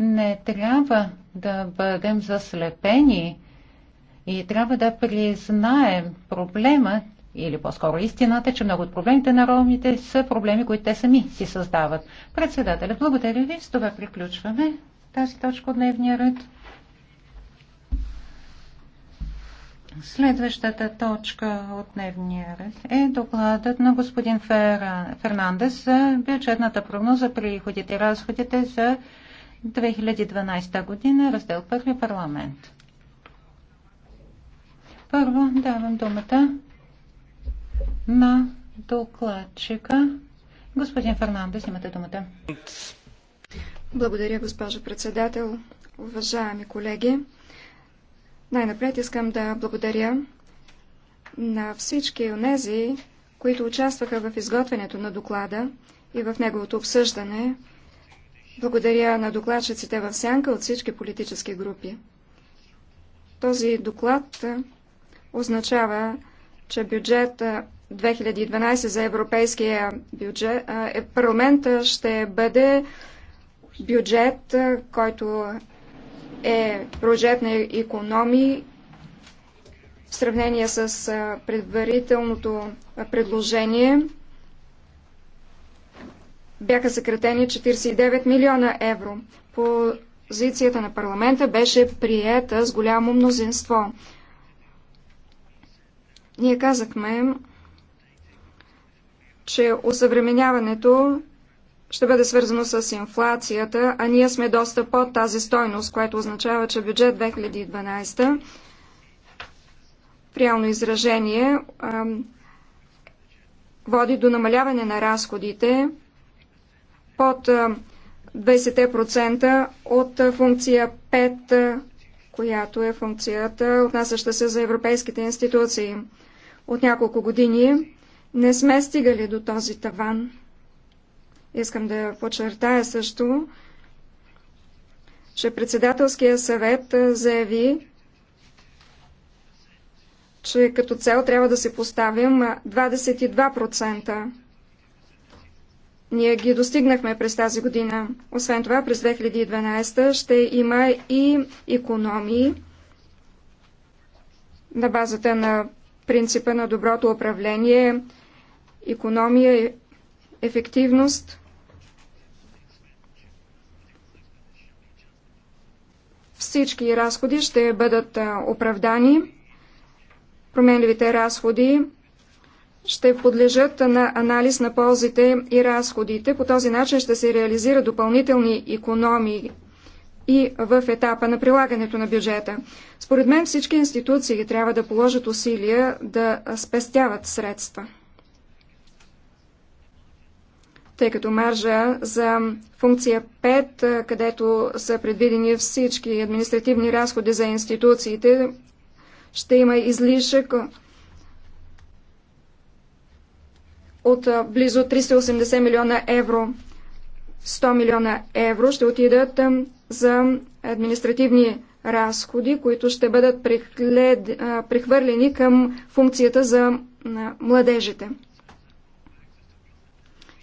не трябва да бъдем заслепени и трябва да признаем проблема или по-скоро истината, че много от проблемите на ромите са проблеми, които те сами си създават. Председателя, благодаря ви. С това приключваме тази точка от дневния ред. Следващата точка от дневния ред е докладът на господин Фер... Фернандес за бюджетната прогноза, приходите и разходите за 2012 година, раздел първи парламент. Първо давам думата на докладчика. Господин Фернандес, имате думата. Благодаря, госпожо председател. Уважаеми колеги, най-напред искам да благодаря на всички онези, които участваха в изготвянето на доклада и в неговото обсъждане, благодаря на докладчиците в сянка от всички политически групи. Този доклад означава, че бюджет 2012 за Европейския бюджет, е, парламент ще бъде бюджет, който е бюджет на економии в сравнение с предварителното предложение бяха съкратени 49 милиона евро. Позицията на парламента беше приета с голямо мнозинство. Ние казахме, че усъвременяването ще бъде свързано с инфлацията, а ние сме доста под тази стойност, което означава, че бюджет 2012 в реално изражение води до намаляване на разходите под 20% от функция 5, която е функцията, отнасяща се за европейските институции. От няколко години не сме стигали до този таван. Искам да подчертая също, че председателския съвет заяви, че като цел трябва да се поставим 22% ние ги достигнахме през тази година. Освен това, през 2012 ще има и економии на базата на принципа на доброто управление, економия, ефективност. Всички разходи ще бъдат оправдани. Променливите разходи ще подлежат на анализ на ползите и разходите. По този начин ще се реализира допълнителни економии и в етапа на прилагането на бюджета. Според мен всички институции трябва да положат усилия да спестяват средства. Тъй като маржа за функция 5, където са предвидени всички административни разходи за институциите, ще има излишък от близо 380 милиона евро. 100 милиона евро ще отидат за административни разходи, които ще бъдат прехвърлени към функцията за младежите.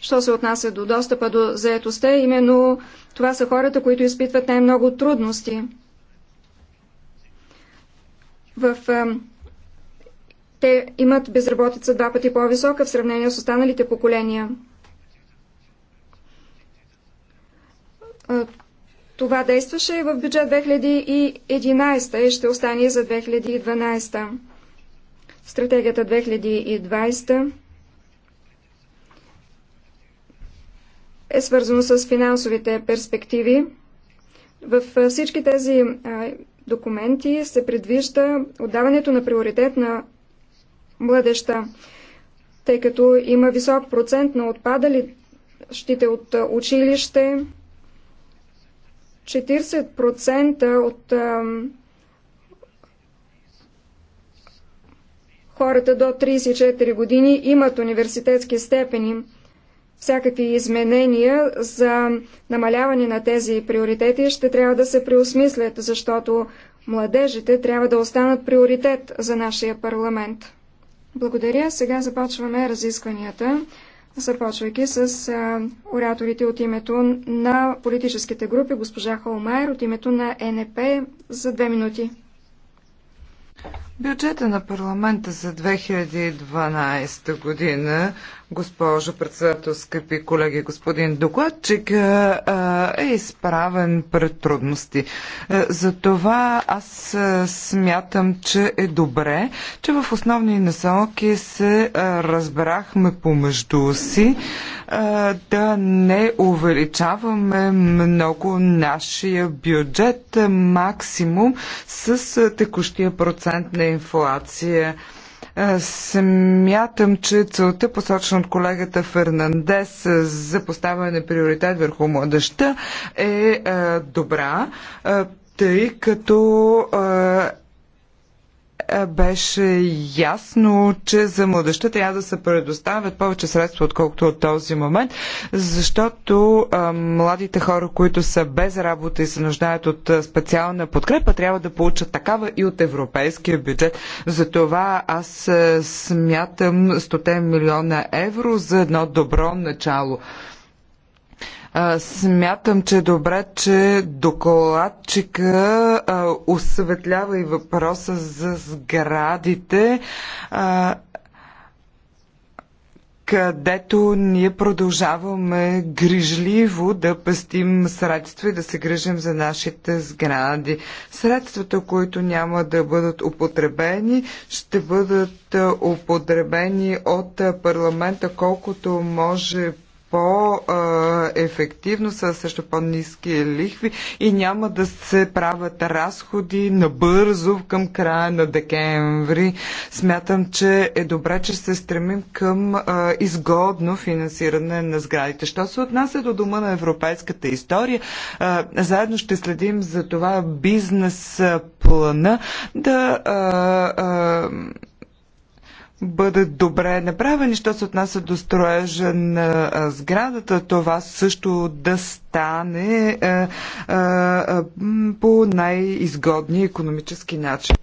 Що се отнася до достъпа до заетостта, именно това са хората, които изпитват най-много трудности. В те имат безработица два пъти по-висока в сравнение с останалите поколения. Това действаше в бюджет 2011 и ще остане за 2012. Стратегията 2020 е свързано с финансовите перспективи. В всички тези документи се предвижда отдаването на приоритет на младеща, тъй като има висок процент на отпадалищите от училище. 40% от а, хората до 34 години имат университетски степени. Всякакви изменения за намаляване на тези приоритети ще трябва да се преосмислят, защото младежите трябва да останат приоритет за нашия парламент. Благодаря. Сега започваме разискванията, започвайки с ораторите от името на политическите групи. Госпожа Холмайер от името на НП за две минути. Бюджета на парламента за 2012 година Госпожо председател, скъпи колеги, господин докладчик е изправен пред трудности. Затова аз смятам, че е добре, че в основни насоки се разбрахме помежду си да не увеличаваме много нашия бюджет максимум с текущия процент на инфлация. Е, смятам, че целта, посочена от колегата Фернандес за поставяне на приоритет върху младеща, е, е добра е, тъй като беше ясно, че за младеща трябва да се предоставят повече средства, отколкото от този момент, защото младите хора, които са без работа и се нуждаят от специална подкрепа, трябва да получат такава и от европейския бюджет. Затова аз смятам 100 милиона евро за едно добро начало. Смятам, че е добре, че докладчика осветлява и въпроса за сградите където ние продължаваме грижливо да пестим средства и да се грижим за нашите сгради. Средствата, които няма да бъдат употребени, ще бъдат употребени от парламента колкото може по-ефективно, са също по-низки лихви и няма да се правят разходи набързо към края на декември. Смятам, че е добре, че се стремим към изгодно финансиране на сградите. Що се отнася до Дома на европейската история, заедно ще следим за това бизнес плана да бъдат добре направени, що се отнася до строежа на сградата, това също да стане по най-изгодния економически начин.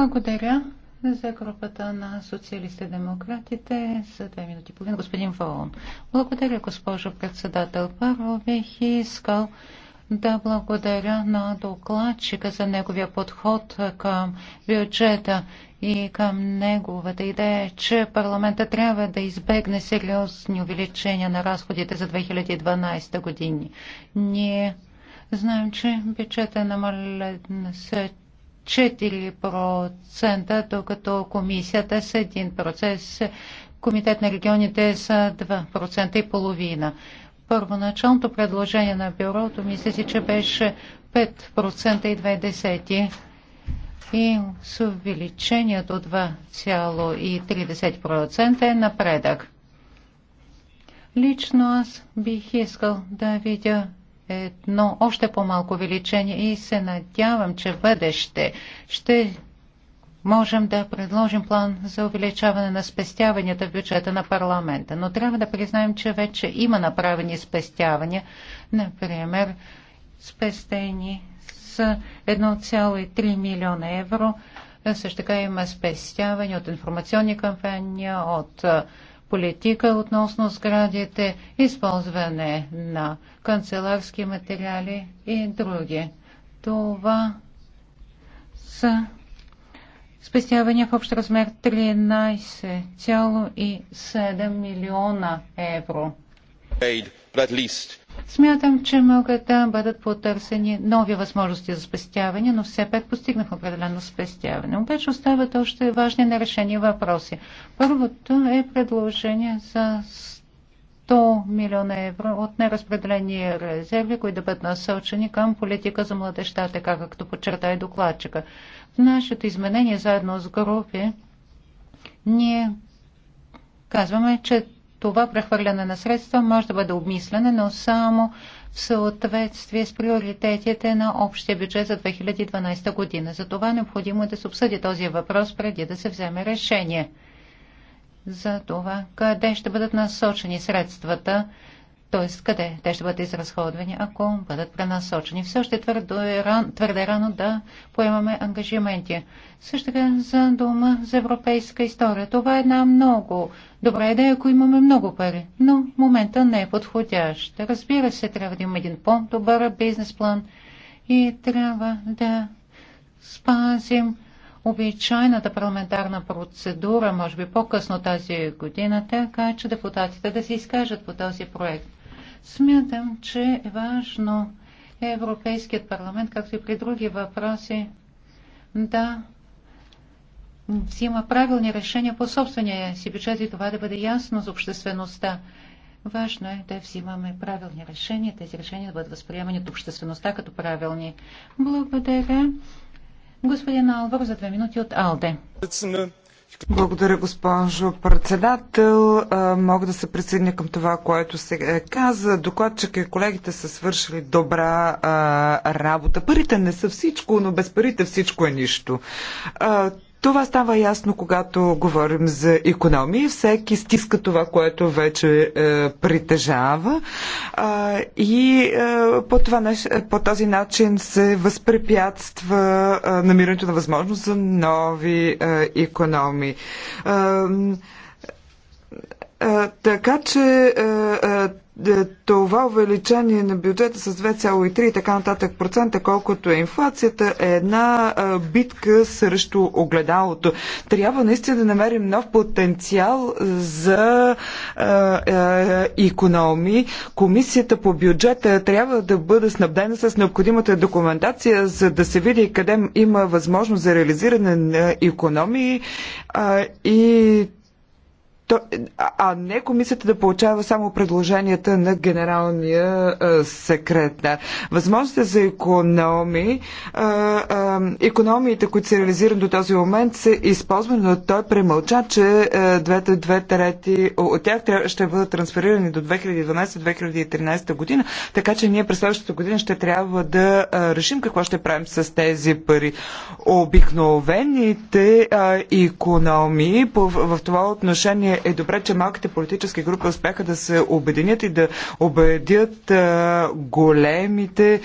Благодаря за групата на социалисти демократите за две минути и половина. Господин Волон. Благодаря, госпожо председател. Първо бих искал да благодаря на докладчика за неговия подход към бюджета и към неговата идея, че парламента трябва да избегне сериозни увеличения на разходите за 2012 години. Ние знаем, че бюджета е намален с 4%, докато комисията с 1%, комитет на регионите с 2% и половина първоначалното предложение на бюрото, мисля си, че беше 5% и и с увеличението 2,3% е напредък. Лично аз бих искал да видя едно още по-малко увеличение и се надявам, че бъдеще ще можем да предложим план за увеличаване на спестяванията в бюджета на парламента. Но трябва да признаем, че вече има направени спестявания. Например, спестени с 1,3 милиона евро. Също така има спестявания от информационни кампании, от политика относно сградите, използване на канцеларски материали и други. Това са спестявания в общ размер 13,7 милиона евро. Смятам, че могат да бъдат потърсени нови възможности за спестяване, но все пак постигнах определено спестяване. Обаче остават още важни нерешени въпроси. Първото е предложение за 100 милиона евро от неразпределени резерви, които да бъдат насочени към политика за младеща, така както подчертай докладчика нашето изменение заедно с групи, ние казваме, че това прехвърляне на средства може да бъде обмислене, но само в съответствие с приоритетите на общия бюджет за 2012 година. За това е необходимо да се обсъди този въпрос преди да се вземе решение за това къде ще бъдат насочени средствата т.е. къде те ще бъдат изразходвани, ако бъдат пренасочени. Все още твърде, ран, твърде е рано да поемаме ангажименти. Също така за дума за европейска история. Това е една много добра идея, ако имаме много пари, но момента не е подходящ. Разбира се, трябва да имаме един по-добър бизнес план и трябва да спазим обичайната парламентарна процедура, може би по-късно тази година, така че депутатите да се изкажат по този проект. Смятам, че е важно Европейският парламент, както и при други въпроси, да взима правилни решения по собствения си бюджет и това да бъде ясно за обществеността. Важно е да взимаме правилни решения, тези решения да бъдат възприемани от обществеността като правилни. Благодаря. Господин Алвар за две минути от Алде. Благодаря, госпожо председател. Мога да се присъединя към това, което се каза. Докладчик и колегите са свършили добра а, работа. Парите не са всичко, но без парите всичко е нищо. А, това става ясно, когато говорим за економии. Всеки стиска това, което вече е, притежава а, и е, по, това, е, по този начин се възпрепятства е, намирането на възможност за нови е, економии. Е, така че е, е, е, това увеличение на бюджета с 2,3 и така нататък процента, колкото е инфлацията, е една е, битка срещу огледалото. Трябва наистина да намерим нов потенциал за економи. Е, Комисията по бюджета трябва да бъде снабдена с необходимата документация, за да се види къде има възможност за реализиране на економии и а не комисията да получава само предложенията на генералния секретар. Възможността за економии, економиите, които се реализират до този момент, се използват, но той премълча, че двете, две трети от тях ще бъдат трансферирани до 2012-2013 година, така че ние през следващата година ще трябва да решим какво ще правим с тези пари. Обикновените економии в това отношение отношение е добре, че малките политически групи успяха да се обединят и да убедят а, големите.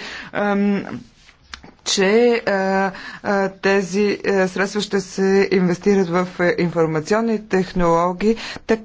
че а, а, тези а, средства ще се инвестират в информационни технологии, така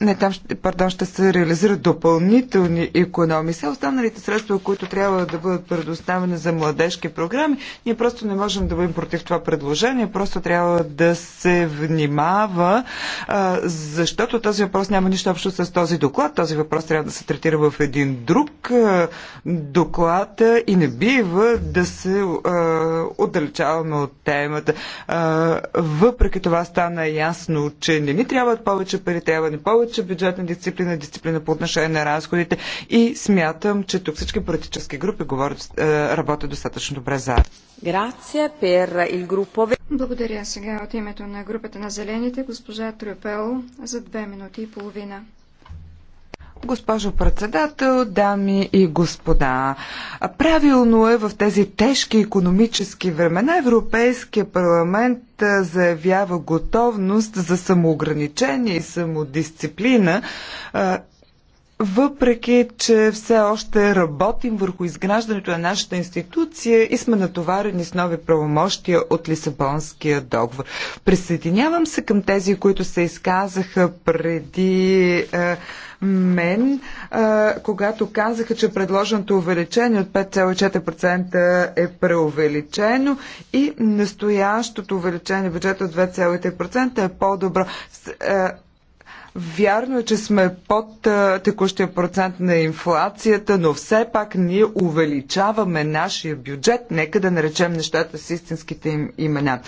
не, там ще, пардон, ще се реализират допълнителни економии. Сега останалите средства, които трябва да бъдат предоставени за младежки програми, ние просто не можем да бъдем против това предложение, просто трябва да се внимава, а, защото този въпрос няма нищо общо с този доклад. Този въпрос трябва да се третира в един друг а, доклад а, и не бива да се а, отдалечаваме от темата. А, въпреки това стана ясно, че не ни трябват повече пари, трябва ни повече повече бюджетна дисциплина, е дисциплина по отношение на разходите и смятам, че тук всички политически групи говорят, е, работят достатъчно добре заедно. Благодаря сега от името на групата на зелените, госпожа Трюпел, за две минути и половина. Госпожо председател, дами и господа, правилно е в тези тежки економически времена Европейския парламент заявява готовност за самоограничение и самодисциплина въпреки, че все още работим върху изграждането на нашата институция и сме натоварени с нови правомощия от Лисабонския договор. Присъединявам се към тези, които се изказаха преди е, мен, е, когато казаха, че предложеното увеличение от 5,4% е преувеличено и настоящото увеличение бюджета от 2,3% е по-добро. Е, Вярно е, че сме под текущия процент на инфлацията, но все пак ние увеличаваме нашия бюджет. Нека да наречем нещата с истинските им имена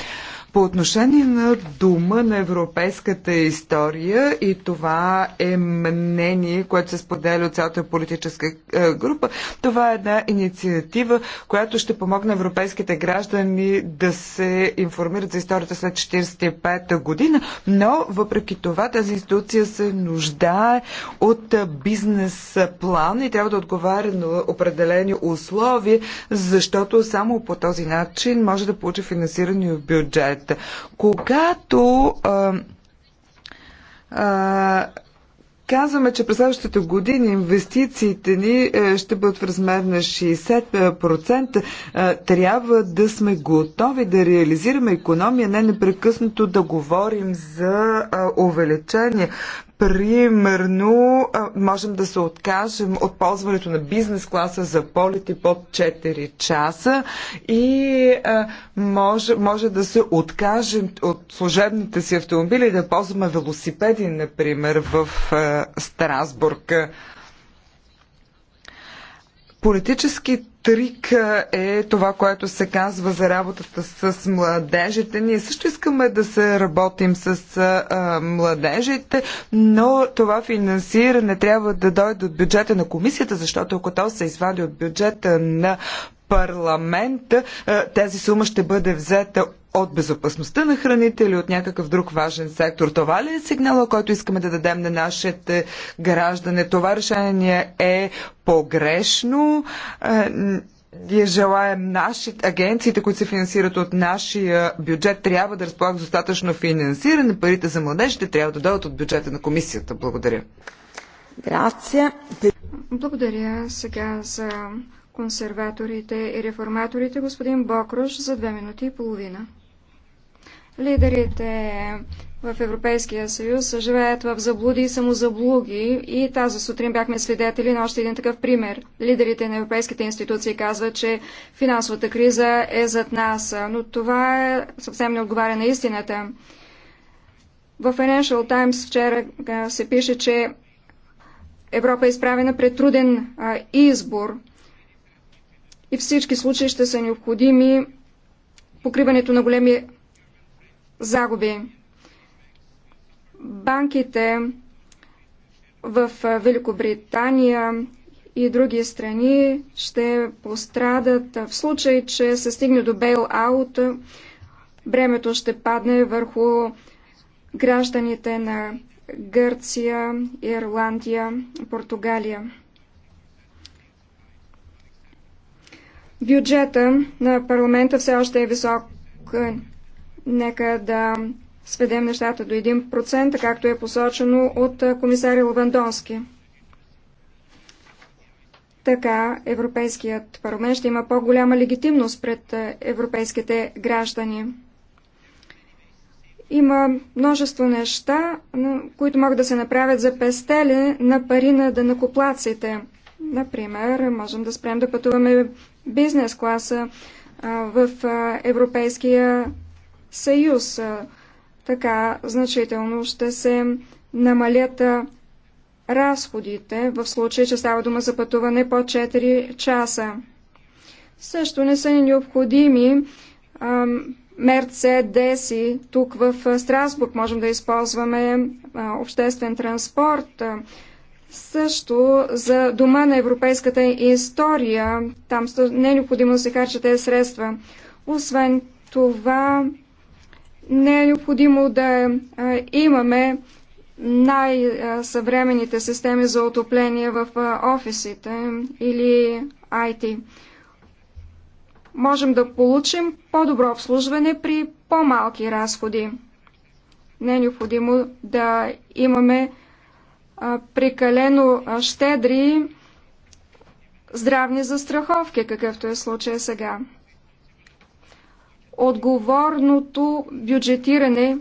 по отношение на дума на европейската история и това е мнение, което се споделя от цялата политическа е, група. Това е една инициатива, която ще помогне европейските граждани да се информират за историята след 1945 година, но въпреки това тази институция се нуждае от бизнес план и трябва да отговаря на определени условия, защото само по този начин може да получи финансиране от бюджет комисията. Когато а, а, Казваме, че през следващите години инвестициите ни е, ще бъдат в размер на 60%. Е, трябва да сме готови да реализираме економия, не непрекъснато да говорим за е, увеличение. Примерно, можем да се откажем от ползването на бизнес класа за полети под 4 часа и може, може да се откажем от служебните си автомобили да ползваме велосипеди, например, в Страсбург. Политически трик е това, което се казва за работата с младежите. Ние също искаме да се работим с а, младежите, но това финансиране трябва да дойде от бюджета на комисията, защото ако то се извади от бюджета на парламент, тази сума ще бъде взета от безопасността на храните или от някакъв друг важен сектор. Това ли е сигнала, който искаме да дадем на нашите граждане? Това решение е погрешно. Ние желаем нашите агенциите, които се финансират от нашия бюджет, трябва да разполагат достатъчно финансиране. Парите за младежите трябва да дойдат от бюджета на комисията. Благодаря. Грация. Благодаря сега за консерваторите и реформаторите, господин Бокруш, за две минути и половина. Лидерите в Европейския съюз живеят в заблуди и самозаблуги и тази сутрин бяхме свидетели на още един такъв пример. Лидерите на европейските институции казват, че финансовата криза е зад нас, но това е съвсем не отговаря на истината. В Financial Times вчера се пише, че Европа е изправена пред труден избор и всички случаи ще са необходими покриването на големи загуби. Банките в Великобритания и други страни ще пострадат в случай, че се стигне до бейл-аут. Бремето ще падне върху гражданите на Гърция, Ирландия, Португалия. Бюджета на парламента все още е висок Нека да сведем нещата до 1%, както е посочено от комисаря Лавандонски. Така Европейският парламент ще има по-голяма легитимност пред европейските граждани. Има множество неща, които могат да се направят за пестели на пари на дънакоплаците. Например, можем да спрем да пътуваме бизнес класа в Европейския съюз. Така значително ще се намалят разходите в случай, че става дума за пътуване по 4 часа. Също не са ни необходими мерцедеси. Тук в Страсбург можем да използваме обществен транспорт. Също за дома на европейската история, там не е необходимо да се харчат тези средства. Освен това, не е необходимо да е, имаме най-съвременните системи за отопление в офисите или IT. Можем да получим по-добро обслужване при по-малки разходи. Не е необходимо да имаме прекалено щедри здравни застраховки, какъвто е случая сега. Отговорното бюджетиране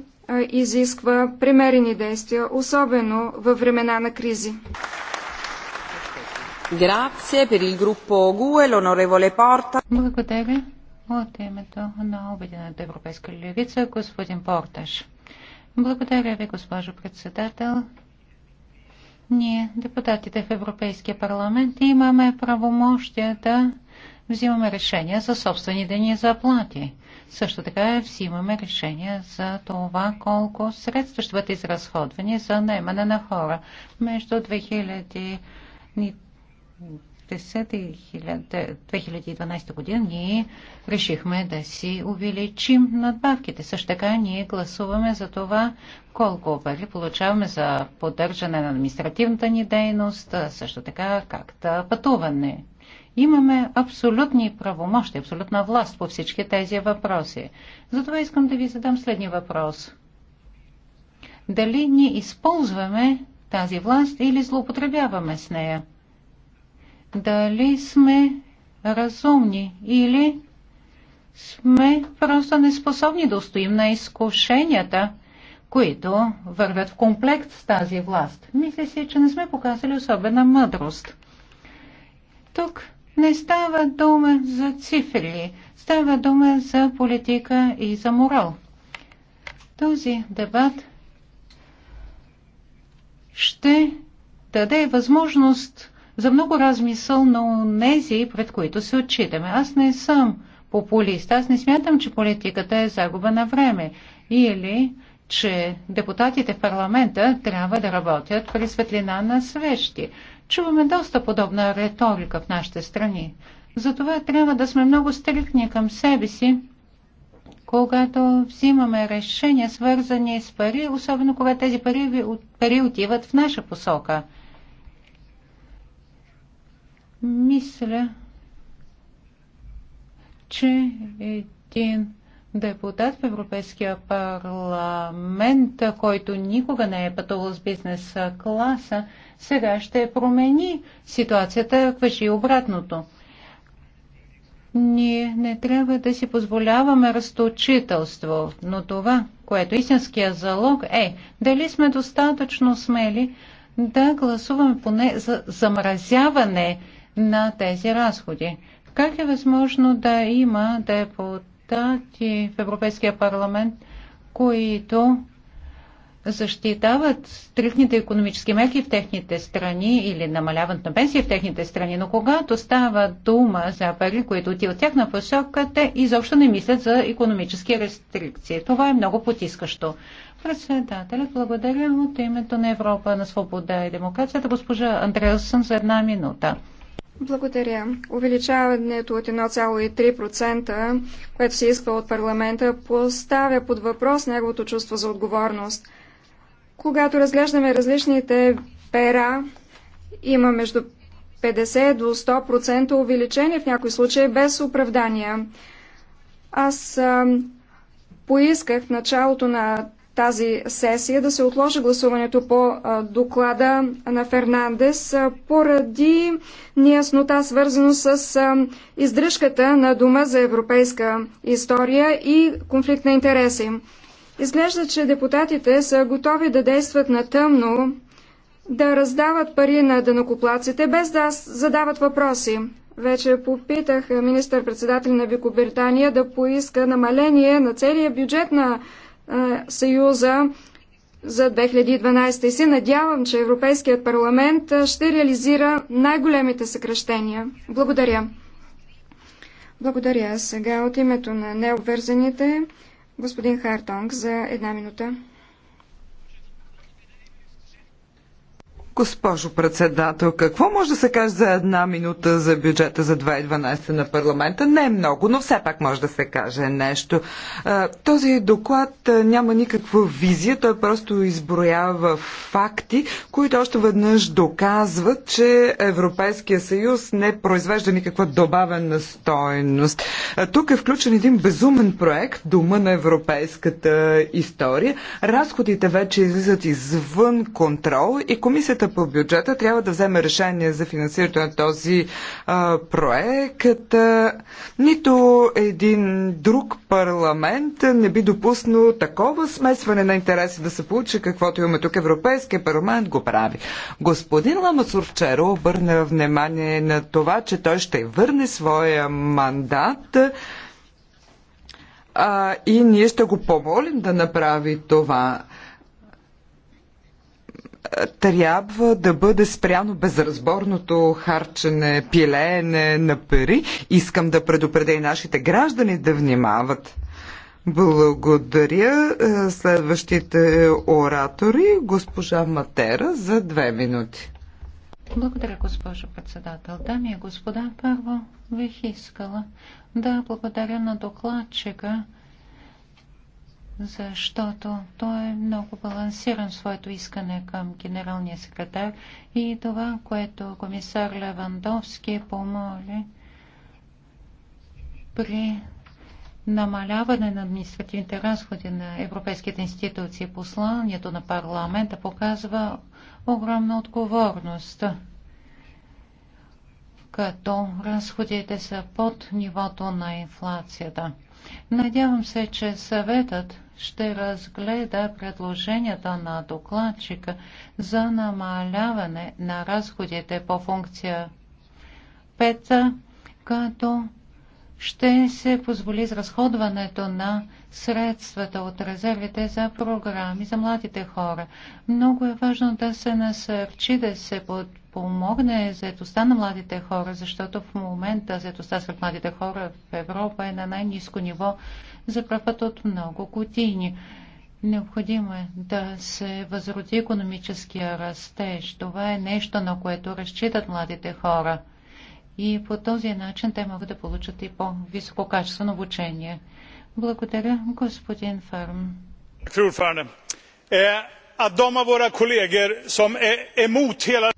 изисква премерени действия, особено във времена на кризи. Благодаря. От името на Обединената европейска левица, господин Порташ. Благодаря ви, госпожо председател. Ние, депутатите в Европейския парламент, имаме правомощия да взимаме решения за собствените ни заплати. Също така взимаме решение за това колко средства ще бъдат изразходвани за наемане на хора. Между 2000 2012 година ние решихме да си увеличим надбавките. Също така ние гласуваме за това колко пари получаваме за поддържане на административната ни дейност, също така както пътуване. Имаме абсолютни правомощи, абсолютна власт по всички тези въпроси. Затова искам да ви задам следния въпрос. Дали ние използваме тази власт или злоупотребяваме с нея? дали сме разумни или сме просто неспособни да устоим на изкушенията, които вървят в комплект с тази власт. Мисля си, че не сме показали особена мъдрост. Тук не става дума за цифри, става дума за политика и за морал. Този дебат ще даде възможност за много размисъл на онези, пред които се отчитаме. Аз не съм популист. Аз не смятам, че политиката е загуба на време или че депутатите в парламента трябва да работят при светлина на свещи. Чуваме доста подобна риторика в нашите страни. Затова трябва да сме много стрикни към себе си, когато взимаме решения, свързани с пари, особено когато тези пари, пари отиват в наша посока – мисля, че един депутат в Европейския парламент, който никога не е пътувал с бизнес класа, сега ще промени ситуацията, върши обратното. Ние не трябва да си позволяваме разточителство, но това, което е истинският залог е, дали сме достатъчно смели да гласуваме поне за замразяване на тези разходи. Как е възможно да има депутати в Европейския парламент, които защитават стрихните економически мерки в техните страни или намаляват на пенсии в техните страни, но когато става дума за пари, които отиват от тях на посока, те изобщо не мислят за економически рестрикции. Това е много потискащо. Председателя, благодаря от името на Европа на свобода и демокрацията, госпожа Андреасън за една минута. Благодаря. Увеличаването от 1,3%, което се иска от парламента, поставя под въпрос неговото чувство за отговорност. Когато разглеждаме различните пера, има между 50 до 100% увеличение в някои случаи без оправдания. Аз а, поисках в началото на тази сесия да се отложи гласуването по доклада на Фернандес поради неяснота, свързано с издръжката на Дома за европейска история и конфликт на интереси. Изглежда, че депутатите са готови да действат на тъмно, да раздават пари на дънокоплаците, без да задават въпроси. Вече попитах министър-председател на Великобритания да поиска намаление на целия бюджет на е, Съюза за 2012 и се надявам, че Европейският парламент е, ще реализира най-големите съкръщения. Благодаря. Благодаря. Сега от името на необвързаните господин Хартонг за една минута. Госпожо председател, какво може да се каже за една минута за бюджета за 2012 на парламента? Не е много, но все пак може да се каже нещо. Този доклад няма никаква визия, той просто изброява факти, които още веднъж доказват, че Европейския съюз не произвежда никаква добавена стойност. Тук е включен един безумен проект, Дума на европейската история. Разходите вече излизат извън контрол и комисията комисията по бюджета трябва да вземе решение за финансирането на този а, проект. Нито един друг парламент не би допуснал такова смесване на интереси да се получи, каквото имаме тук. Европейския парламент го прави. Господин Ламасур вчера обърна внимание на това, че той ще върне своя мандат а, и ние ще го помолим да направи това трябва да бъде спряно безразборното харчене, пилеене на пари. Искам да предупредя и нашите граждани да внимават. Благодаря. Е, следващите оратори, госпожа Матера, за две минути. Благодаря, госпожо председател. Дами и господа, първо бих искала да благодаря на докладчика защото той е много балансиран в своето искане към генералния секретар и това, което комисар Левандовски помоли при намаляване на административните разходи на европейските институции. Посланието на парламента показва огромна отговорност, като разходите са под нивото на инфлацията. Надявам се, че съветът ще разгледа предложенията на докладчика за намаляване на разходите по функция 5, като ще се позволи изразходването на средствата от резервите за програми за младите хора. Много е важно да се насърчи, да се подпомогне заедостта на младите хора, защото в момента заедостта сред младите хора в Европа е на най-низко ниво за пръв път от много години. Необходимо е да се възроди економическия растеж. Това е нещо, на което разчитат младите хора. И по този начин те могат да получат и по-висококачествено обучение. Благодаря, господин Фарм. Fru ordförande, att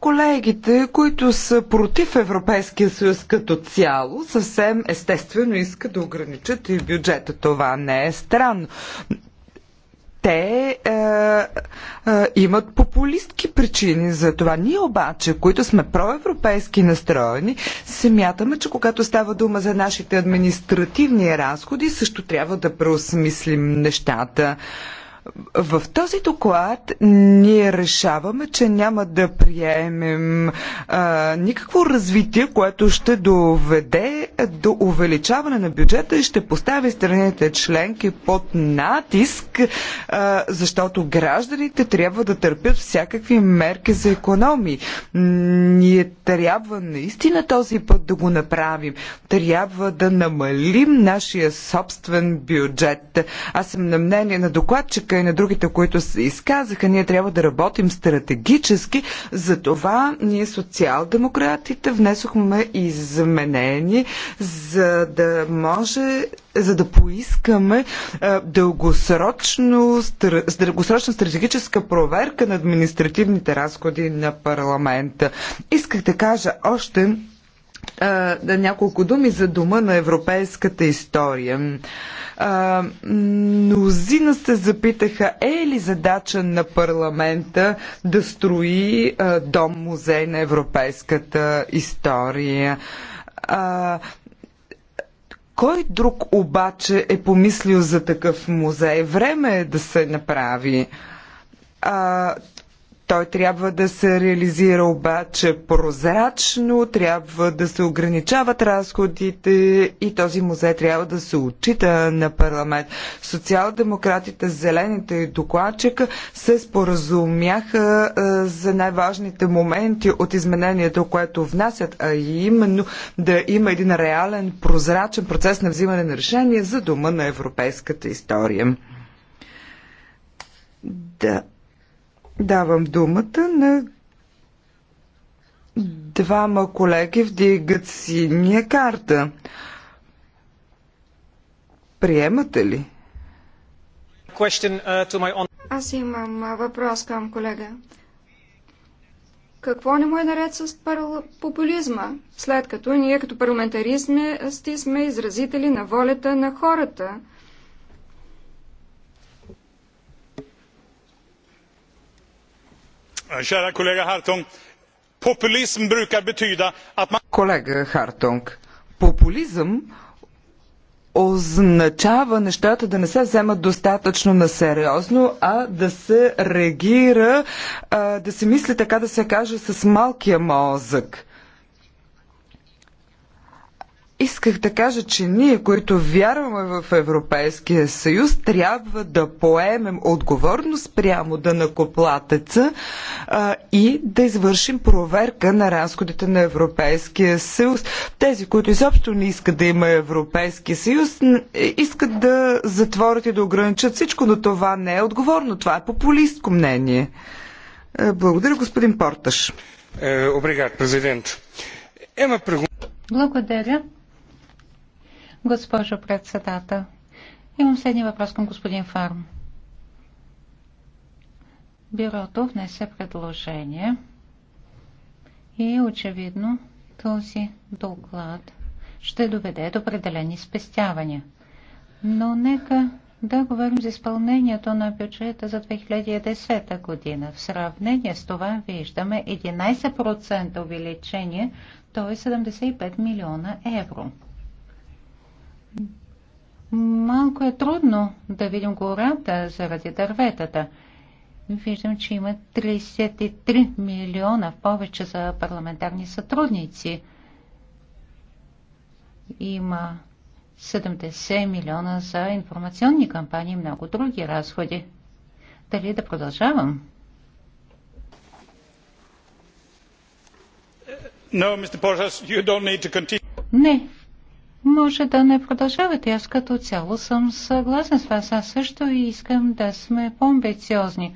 Колегите, които са против Европейския съюз като цяло, съвсем естествено искат да ограничат и бюджета. Това не е странно. Те е, е, имат популистки причини за това. Ние обаче, които сме проевропейски настроени, мятаме, че когато става дума за нашите административни разходи, също трябва да преосмислим нещата. Е, в този доклад ние решаваме, че няма да приемем а, никакво развитие, което ще доведе до увеличаване на бюджета и ще постави страните членки под натиск, а, защото гражданите трябва да търпят всякакви мерки за економии. Ние трябва наистина този път да го направим. Трябва да намалим нашия собствен бюджет. Аз съм на мнение на доклад, че така и на другите, които се изказаха. Ние трябва да работим стратегически. Затова ние социал-демократите внесохме изменени, за да може за да поискаме а, е, дългосрочно, стра, дългосрочна стратегическа проверка на административните разходи на парламента. Исках да кажа още няколко думи за дума на европейската история. А, мнозина се запитаха, е ли задача на парламента да строи а, дом-музей на европейската история? А, кой друг обаче е помислил за такъв музей? Време е да се направи. А, той трябва да се реализира обаче прозрачно, трябва да се ограничават разходите и този музей трябва да се отчита на парламент. Социал-демократите, зелените и докладчика се споразумяха за най-важните моменти от изменението, което внасят, а именно да има един реален, прозрачен процес на взимане на решения за дума на европейската история. Да. Давам думата на двама колеги вдигат синия карта. Приемате ли? Uh, Аз имам въпрос към колега. Какво не му е наред с популизма, след като ние като парламентаристи сме изразители на волята на хората? Колега Хартонг, популизъм означава нещата да не се вземат достатъчно на сериозно, а да се реагира, да се мисли така да се каже с малкия мозък. Исках да кажа, че ние, които вярваме в Европейския съюз, трябва да поемем отговорност прямо да накоплатеца а, и да извършим проверка на разходите на Европейския съюз. Тези, които изобщо не искат да има Европейския съюз, е, искат да затворят и да ограничат всичко, но това не е отговорно. Това е популистко мнение. Е, благодаря, господин Порташ. Е, Обригат, президент. Ема Благодаря. Госпожо председател, имам следния въпрос към господин Фарм. Бюрото внесе предложение и очевидно този доклад ще доведе до определени спестявания. Но нека да говорим за изпълнението на бюджета за 2010 година. В сравнение с това виждаме 11% увеличение, т.е. 75 милиона евро малко е трудно да видим гората заради дърветата. Виждам, че има 33 милиона в повече за парламентарни сътрудници. Има 70 милиона за информационни кампании и много други разходи. Дали да продължавам? No, Mr. Portas, you don't need to continue. Не, може да не продължават. Аз като цяло съм съгласна с вас. Аз също искам да сме по-амбициозни.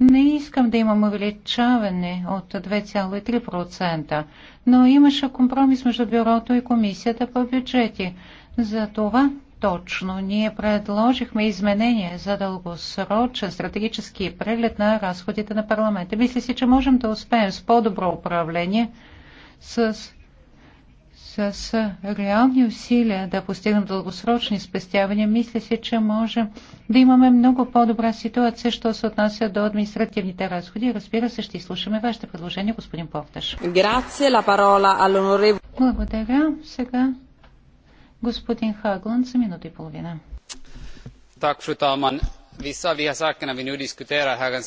Не искам да имам увеличаване от 2,3%, но имаше компромис между бюрото и комисията по бюджети. За това точно ние предложихме изменение за дългосрочен стратегически преглед на разходите на парламента. Мисля си, че можем да успеем с по-добро управление, с с реални усилия да постигнем дългосрочни спестявания, мисля се, че можем да имаме много по-добра ситуация, що се отнася до административните разходи. Разбира се, ще изслушаме вашето предложение, господин Повташ. Благодаря. Сега господин Хагланд за минута и половина. Так, фру Виса, Vissa av de här sakerna vi nu diskuterar här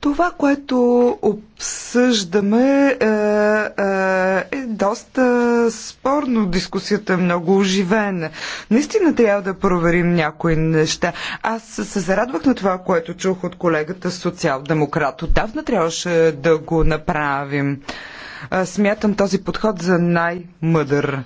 това, което обсъждаме, е, е, е доста е, спорно. Дискусията е много оживена. Наистина трябва да проверим някои неща. Аз се зарадвах на това, което чух от колегата социал-демократ. Отдавна трябваше да го направим. Е, смятам този подход за най-мъдър.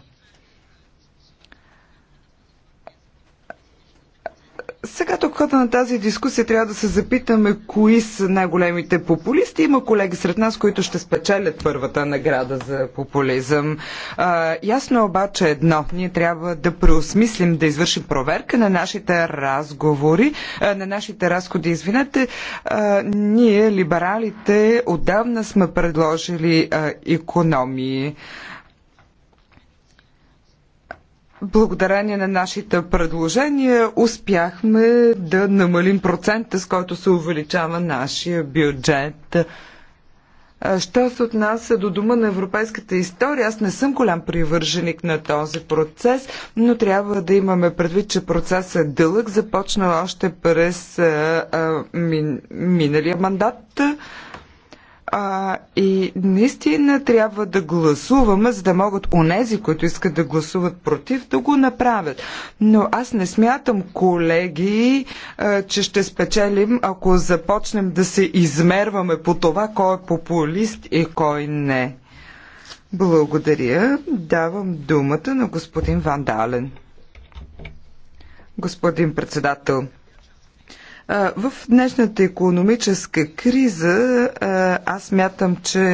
Сега тук хода на тази дискусия трябва да се запитаме кои са най-големите популисти. Има колеги сред нас, които ще спечелят първата награда за популизъм. А, ясно е обаче едно. Ние трябва да преосмислим, да извършим проверка на нашите разговори, а, на нашите разходи. Извинете, а, ние, либералите, отдавна сме предложили а, економии благодарение на нашите предложения успяхме да намалим процента, с който се увеличава нашия бюджет. Що се отнася до Дома на европейската история, аз не съм голям привърженик на този процес, но трябва да имаме предвид, че процесът е дълъг, започнал още през а, а, миналия мандат. А, а, и наистина трябва да гласуваме, за да могат онези, които искат да гласуват против, да го направят. Но аз не смятам, колеги, а, че ще спечелим, ако започнем да се измерваме по това, кой е популист и кой не. Благодаря. Давам думата на господин Ван Дален. Господин председател, в днешната економическа криза аз мятам, че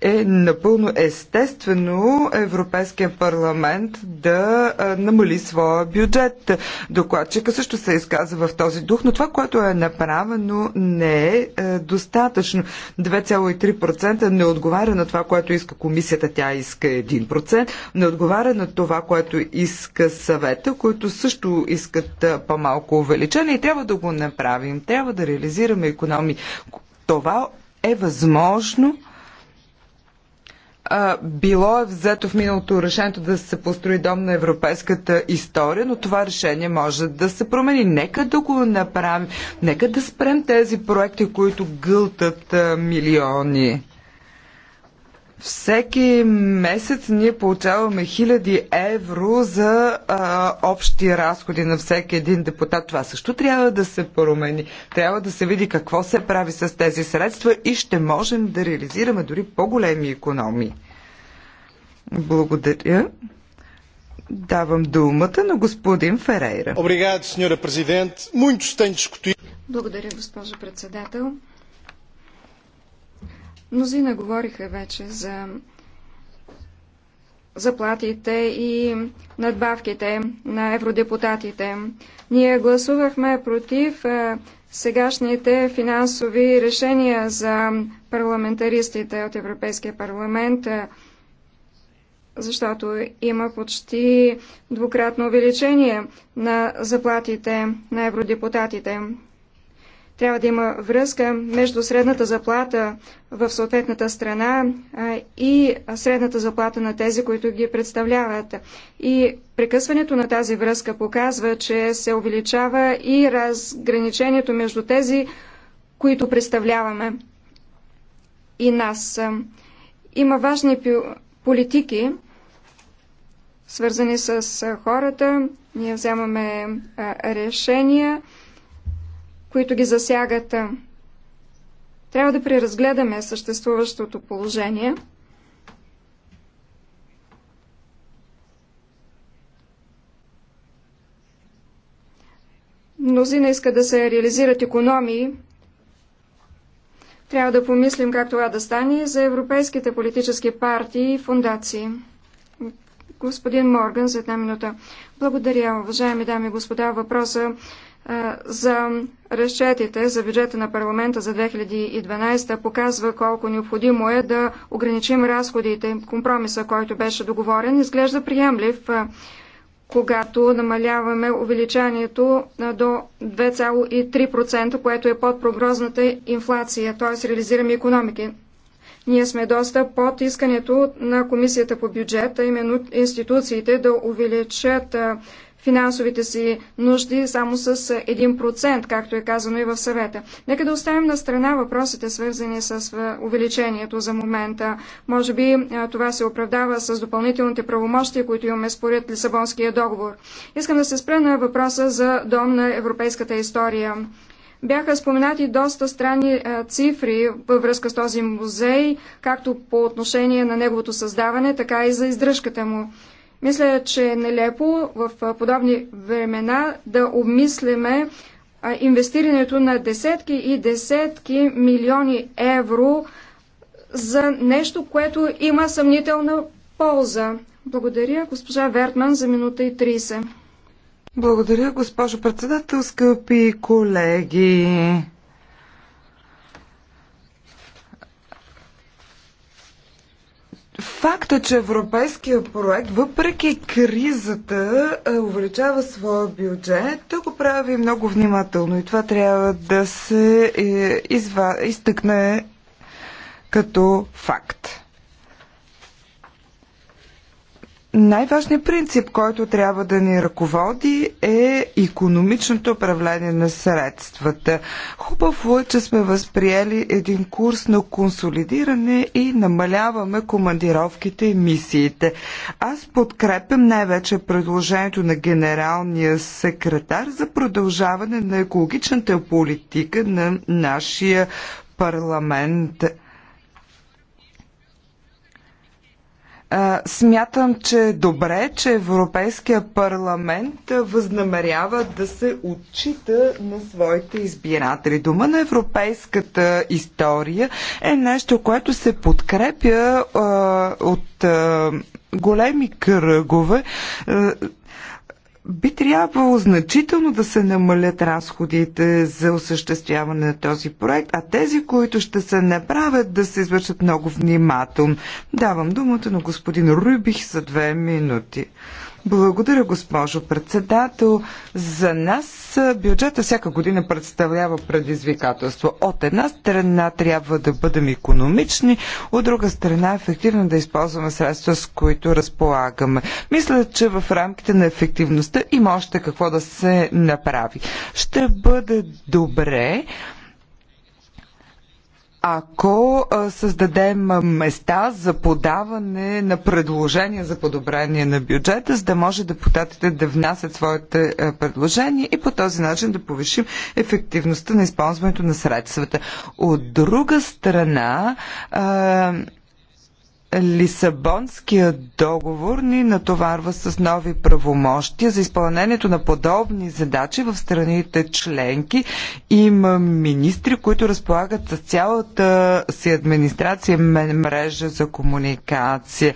е напълно естествено Европейския парламент да намали своя бюджет. Докладчика също се изказа в този дух, но това, което е направено, не е, е достатъчно. 2,3% не отговаря на това, което иска комисията. Тя иска 1%. Не отговаря на това, което иска съвета, които също искат по-малко увеличение и трябва да го направим. Трябва да реализираме економии. Това е възможно било е взето в миналото решението да се построи дом на европейската история, но това решение може да се промени. Нека да го направим. Нека да спрем тези проекти, които гълтат милиони. Всеки месец ние получаваме хиляди евро за а, общи разходи на всеки един депутат. Това също трябва да се промени. Трябва да се види какво се прави с тези средства и ще можем да реализираме дори по-големи економии. Благодаря. Давам думата на господин Ферейра. Благодаря, госпожо председател. Мнозина говориха вече за заплатите и надбавките на евродепутатите. Ние гласувахме против сегашните финансови решения за парламентаристите от Европейския парламент, защото има почти двукратно увеличение на заплатите на евродепутатите. Трябва да има връзка между средната заплата в съответната страна и средната заплата на тези, които ги представляват. И прекъсването на тази връзка показва, че се увеличава и разграничението между тези, които представляваме и нас. Има важни политики, свързани с хората. Ние вземаме решения които ги засягат. Трябва да преразгледаме съществуващото положение. Мнозина иска да се реализират економии. Трябва да помислим как това да стане за европейските политически партии и фундации. Господин Морган, за една минута. Благодаря, уважаеми дами и господа. Въпроса за Разчетите за бюджета на парламента за 2012 показва колко необходимо е да ограничим разходите. Компромиса, който беше договорен, изглежда приемлив, когато намаляваме увеличанието до 2,3%, което е под прогрозната инфлация, т.е. реализираме економики. Ние сме доста под искането на Комисията по бюджета, именно институциите да увеличат финансовите си нужди само с 1%, както е казано и в съвета. Нека да оставим на страна въпросите, свързани с увеличението за момента. Може би това се оправдава с допълнителните правомощия, които имаме според Лисабонския договор. Искам да се спра на въпроса за дом на европейската история. Бяха споменати доста странни цифри във връзка с този музей, както по отношение на неговото създаване, така и за издръжката му. Мисля, че е нелепо в подобни времена да обмислиме инвестирането на десетки и десетки милиони евро за нещо, което има съмнителна полза. Благодаря, госпожа Вертман, за минута и 30. Благодаря, госпожо председател, скъпи колеги. Факта, че европейския проект, въпреки кризата, е, увеличава своя бюджет, той го прави много внимателно и това трябва да се е, изтъкне като факт. Най-важният принцип, който трябва да ни ръководи е економичното управление на средствата. Хубаво е, че сме възприели един курс на консолидиране и намаляваме командировките и мисиите. Аз подкрепям най-вече предложението на генералния секретар за продължаване на екологичната политика на нашия парламент. смятам, че е добре, че Европейския парламент възнамерява да се отчита на своите избиратели. Дома на европейската история е нещо, което се подкрепя а, от а, големи кръгове. А, би трябвало значително да се намалят разходите за осъществяване на този проект, а тези, които ще се направят, да се извършат много внимателно. Давам думата на господин Рубих за две минути. Благодаря, госпожо председател. За нас бюджета всяка година представлява предизвикателство. От една страна трябва да бъдем економични, от друга страна ефективно да използваме средства, с които разполагаме. Мисля, че в рамките на ефективността има още какво да се направи. Ще бъде добре ако създадем места за подаване на предложения за подобрение на бюджета, за да може депутатите да внасят своите предложения и по този начин да повишим ефективността на използването на средствата. От друга страна, Лисабонският договор ни натоварва с нови правомощия за изпълнението на подобни задачи в страните членки. Има министри, които разполагат с цялата си администрация мрежа за комуникация.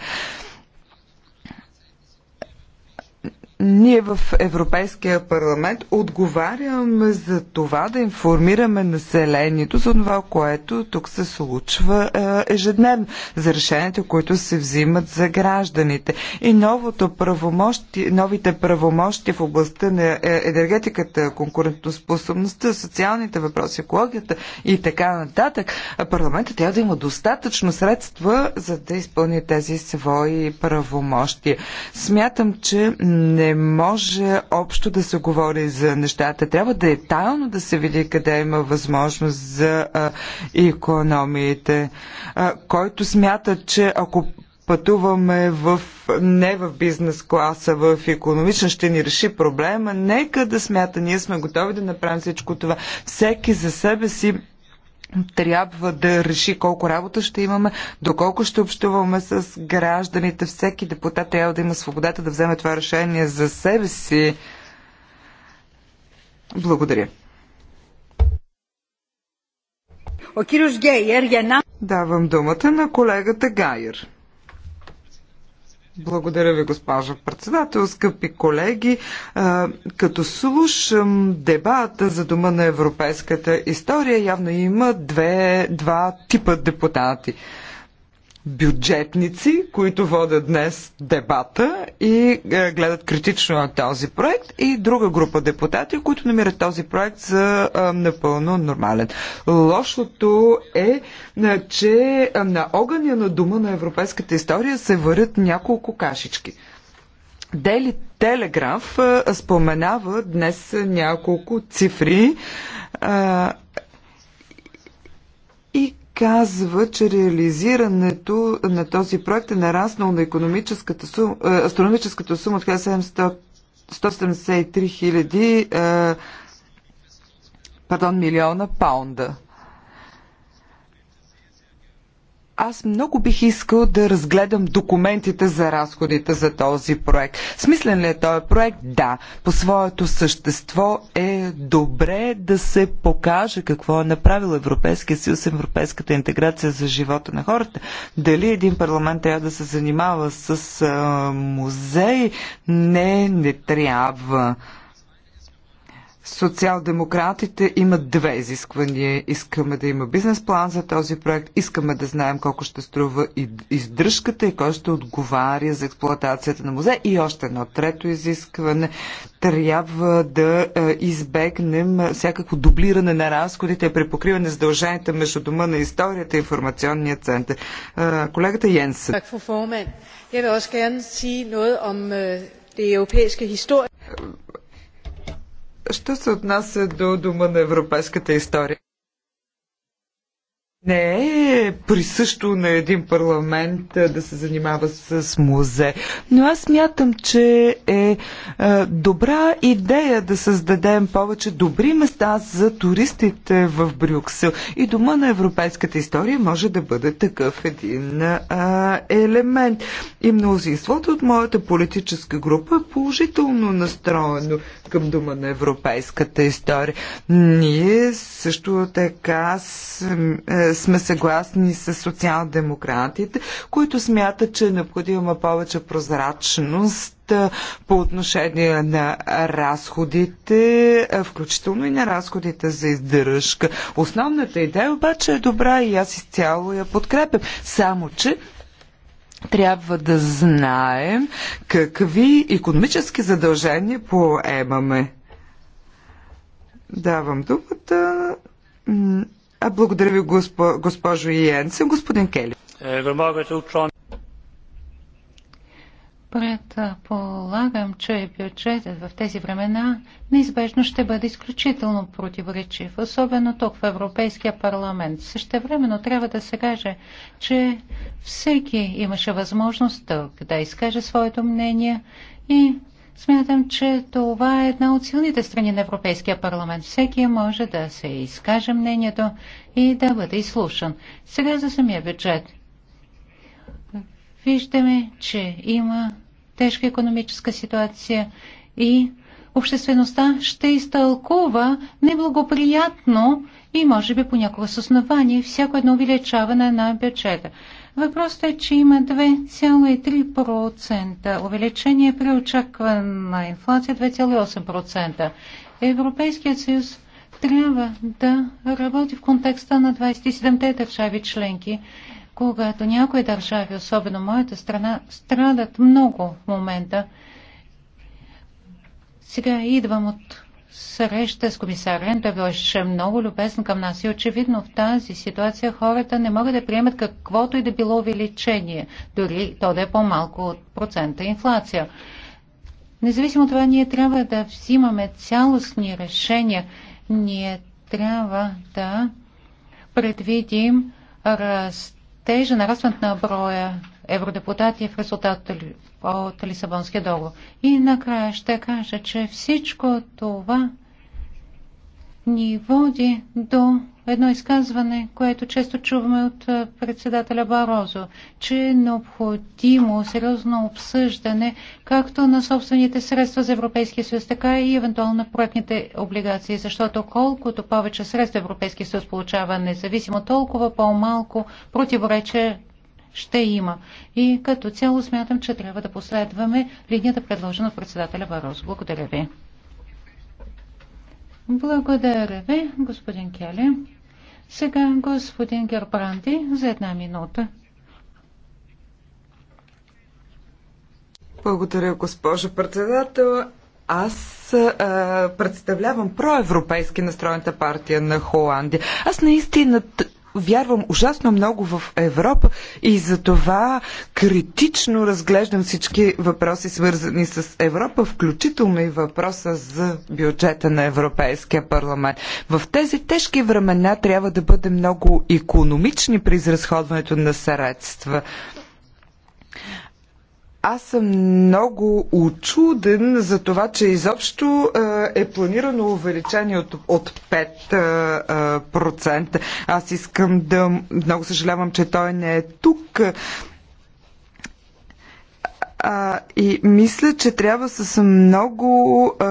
Ние в Европейския парламент отговаряме за това да информираме населението за това, което тук се случва е, ежедневно, за решенията, които се взимат за гражданите. И новото правомощи, новите правомощи в областта на е, енергетиката, конкурентоспособността, социалните въпроси, екологията и така нататък, парламентът трябва да има достатъчно средства, за да изпълни тези свои правомощи. Смятам, че не не може общо да се говори за нещата. Трябва детайлно да се види къде има възможност за а, економиите. А, който смята, че ако пътуваме в, не в бизнес класа, в економична, ще ни реши проблема. Нека да смята, ние сме готови да направим всичко това. Всеки за себе си трябва да реши колко работа ще имаме, доколко ще общуваме с гражданите. Всеки депутат трябва да има свободата да вземе това решение за себе си. Благодаря. Давам думата на колегата Гайер. Благодаря ви, госпожо председател, скъпи колеги. Като слушам дебата за Дома на европейската история, явно има две, два типа депутати бюджетници, които водят днес дебата и е, гледат критично на този проект и друга група депутати, които намират този проект за е, напълно нормален. Лошото е, е че на огъня на дума на европейската история се върят няколко кашички. Дели Телеграф споменава днес няколко цифри казва, че реализирането на този проект е нараснало на економическата сума, е, астрономическата сума от 1700, 173 хиляди е, милиона паунда. Аз много бих искал да разгледам документите за разходите за този проект. Смислен ли е този проект? Да. По своето същество е добре да се покаже какво е направил Европейския съюз, европейската интеграция за живота на хората. Дали един парламент трябва да се занимава с музей? Не, не трябва. Социал-демократите имат две изисквания. Искаме да има бизнес план за този проект, искаме да знаем колко ще струва и издръжката и кой ще отговаря за експлоатацията на музея. И още едно трето изискване. Трябва да е, избегнем всякакво дублиране на разходите при покриване задълженията между дома на историята и информационния център. Е, колегата Йенсен. Jeg Я også gerne sige noget om е, det Що се отнася до дума на европейската история? Не е присъщо на един парламент да се занимава с музе, но аз мятам, че е, добра идея да създадем повече добри места за туристите в Брюксел. И дома на европейската история може да бъде такъв един елемент. И мнозинството от моята политическа група е положително настроено към дума на европейската история. Ние също така е, сме съгласни с социал-демократите, които смятат, че е необходима повече прозрачност е, по отношение на разходите, е, включително и на разходите за издръжка. Основната идея обаче е добра и аз изцяло я подкрепям. Само, че трябва да знаем какви економически задължения поемаме. Давам думата. А благодаря ви, госпожо Йенсен. Господин Кели. Е, Предполагам, че бюджетът в тези времена неизбежно ще бъде изключително противоречив, особено тук в Европейския парламент. времено трябва да се каже, че всеки имаше възможност тук да изкаже своето мнение и смятам, че това е една от силните страни на Европейския парламент. Всеки може да се изкаже мнението и да бъде изслушан. Сега за самия бюджет виждаме, че има тежка економическа ситуация и обществеността ще изтълкува неблагоприятно и може би по някакво основание всяко едно увеличаване на бюджета. Въпросът е, че има 2,3% увеличение при очаквана инфлация 2,8%. Европейският съюз трябва да работи в контекста на 27-те държави членки когато някои държави, особено моята страна, страдат много в момента. Сега идвам от среща с комисарен. Той беше много любезен към нас и очевидно в тази ситуация хората не могат да приемат каквото и да било увеличение, дори то да е по-малко от процента инфлация. Независимо от това, ние трябва да взимаме цялостни решения. Ние трябва да предвидим раст растежа, нарастването на броя евродепутати в резултат от Лисабонския договор. И накрая ще кажа, че всичко това ни води до едно изказване, което често чуваме от председателя Барозо, че е необходимо сериозно обсъждане както на собствените средства за Европейския съюз, така и евентуално на проектните облигации, защото колкото повече средства Европейския съюз получава независимо, толкова по-малко противоречие ще има. И като цяло смятам, че трябва да последваме линията, предложена от председателя Барозо. Благодаря ви. Благодаря ви, господин Келе. Сега господин Гербранди за една минута. Благодаря, госпожо председател. Аз а, представлявам проевропейски настроената партия на Холандия. Аз наистина вярвам ужасно много в Европа и за това критично разглеждам всички въпроси, свързани с Европа, включително и въпроса за бюджета на Европейския парламент. В тези тежки времена трябва да бъдем много економични при изразходването на средства. Аз съм много очуден за това, че изобщо е планирано увеличение от, от 5%. Аз искам да... Много съжалявам, че той не е тук, а, и мисля, че трябва с много, а,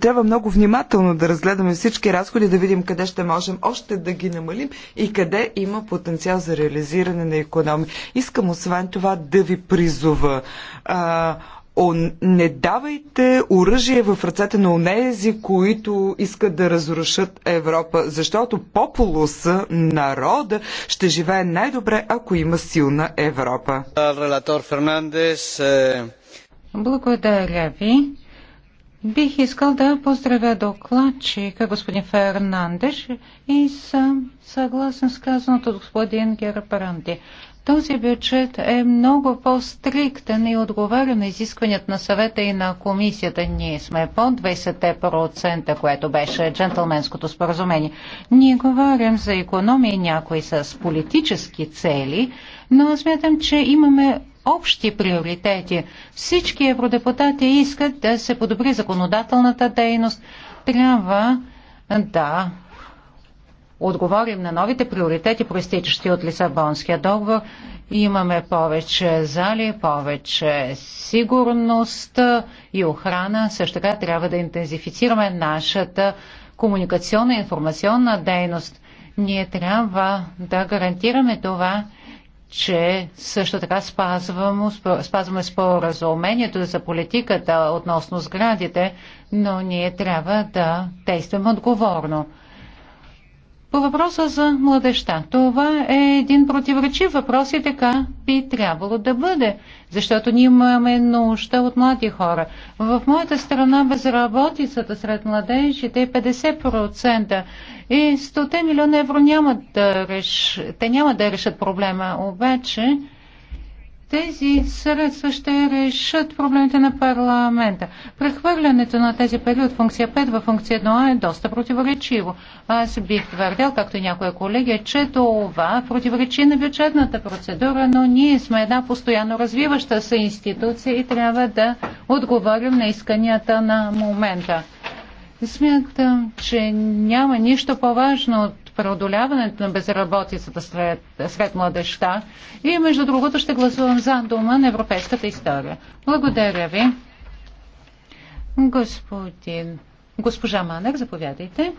трябва много внимателно да разгледаме всички разходи, да видим къде ще можем още да ги намалим и къде има потенциал за реализиране на економи. Искам освен това да ви призова. А, не давайте оръжие в ръцете на онези, които искат да разрушат Европа, защото популуса, народа, ще живее най-добре, ако има силна Европа. Е, Благодаря ви. Бих искал да поздравя докладчика господин Фернандеш и съм съгласен с казаното от господин Герапаранди. Този бюджет е много по-стриктен и отговаря на изискванията на съвета и на комисията. Ние сме под 20%, което беше джентлменското споразумение. Ние говорим за економии някои с политически цели, но смятам, че имаме общи приоритети. Всички евродепутати искат да се подобри законодателната дейност. Трябва да отговорим на новите приоритети, проистичащи от Лисабонския договор. Имаме повече зали, повече сигурност и охрана. Също така трябва да интензифицираме нашата комуникационна и информационна дейност. Ние трябва да гарантираме това, че също така спазваме спазваме споразумението за политиката относно сградите, но ние трябва да действаме отговорно. По въпроса за младеща. Това е един противоречив въпрос и така би трябвало да бъде, защото ние имаме нужда от млади хора. В моята страна безработицата сред младежите е 50% и 100 милиона евро няма да реш... те няма да решат проблема, обаче тези средства ще решат проблемите на парламента. Прехвърлянето на тези пари от функция 5 в функция 1 е доста противоречиво. Аз бих твърдял, както и някои колеги, че това противоречи на бюджетната процедура, но ние сме една постоянно развиваща се институция и трябва да отговорим на исканията на момента. Смятам, че няма нищо по-важно от преодоляването на безработицата сред, сред младеща и между другото ще гласувам за дума на европейската история. Благодаря ви. Господин, госпожа Манер, заповядайте.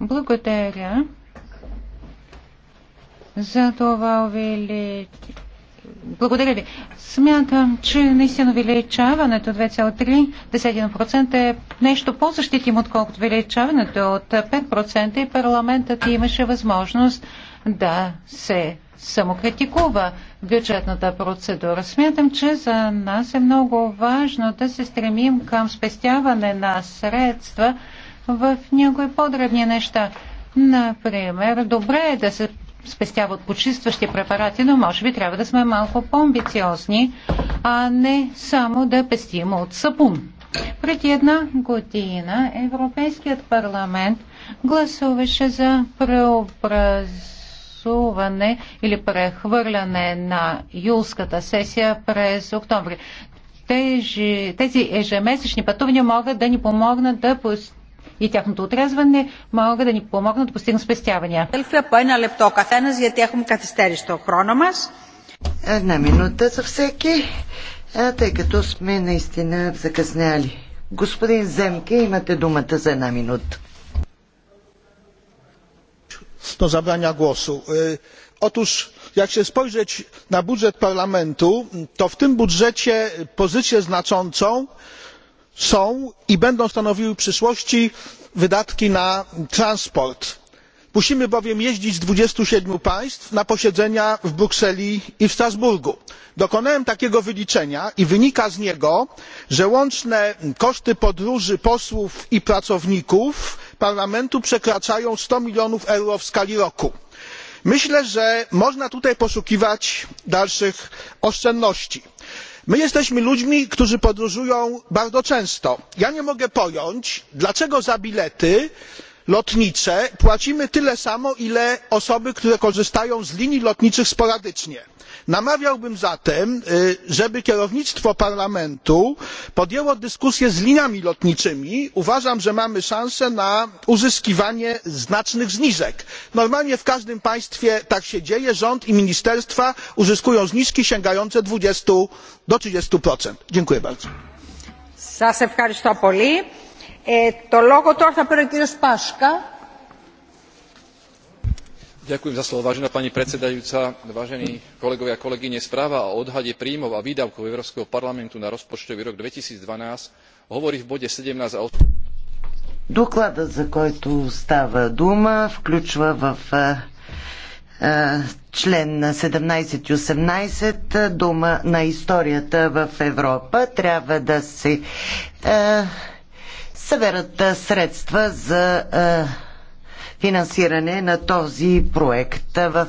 Благодаря за това увеличение благодаря ви. Смятам, че наистина увеличаването 2,3% е нещо по-защитимо, отколкото увеличаването от 5% и парламентът имаше възможност да се самокритикува бюджетната процедура. Смятам, че за нас е много важно да се стремим към спестяване на средства в някои по-дребни неща. Например, добре е да се спестява от почистващи препарати, но може би трябва да сме малко по-амбициозни, а не само да пестим от сапун. Преди една година Европейският парламент гласуваше за преобразуване или прехвърляне на юлската сесия през октомври. Тези, тези ежемесечни пътувания могат да ни помогнат да постигнем и тяхното отрезване могат да ни помогнат да постигнат спестявания. Елфия, по Една лепто кафена, хрона мас. Една минута за всеки, тъй като сме наистина закъсняли. Господин Земке, имате думата за една минута. Do zabrania głosu. Otóż jak się spojrzeć na budżet parlamentu to w tym budżecie pozycję znaczącą są i będą stanowiły w przyszłości wydatki na transport. musimy bowiem jeździć z dwadzieścia siedem państw na posiedzenia w brukseli i w strasburgu. dokonałem takiego wyliczenia i wynika z niego że łączne koszty podróży posłów i pracowników parlamentu przekraczają sto milionów euro w skali roku. myślę że można tutaj poszukiwać dalszych oszczędności my jesteśmy ludźmi którzy podróżują bardzo często. ja nie mogę pojąć dlaczego za bilety lotnicze płacimy tyle samo ile osoby które korzystają z linii lotniczych sporadycznie namawiałbym zatem żeby kierownictwo parlamentu podjęło dyskusję z liniami lotniczymi. uważam że mamy szansę na uzyskiwanie znacznych zniżek. normalnie w każdym państwie tak się dzieje rząd i ministerstwa uzyskują zniżki sięgające dwadzieścia do. trzydzieści dziękuję bardzo správa o odhade príjmov a výdavkov európskeho parlamentu na rozpočtový rok two thousand and twelve hovorí v bode seventeen Докладът, за който става дума, включва в член 17 и 18 дума на историята в Европа. Трябва да се съберат средства за финансиране на този проект. В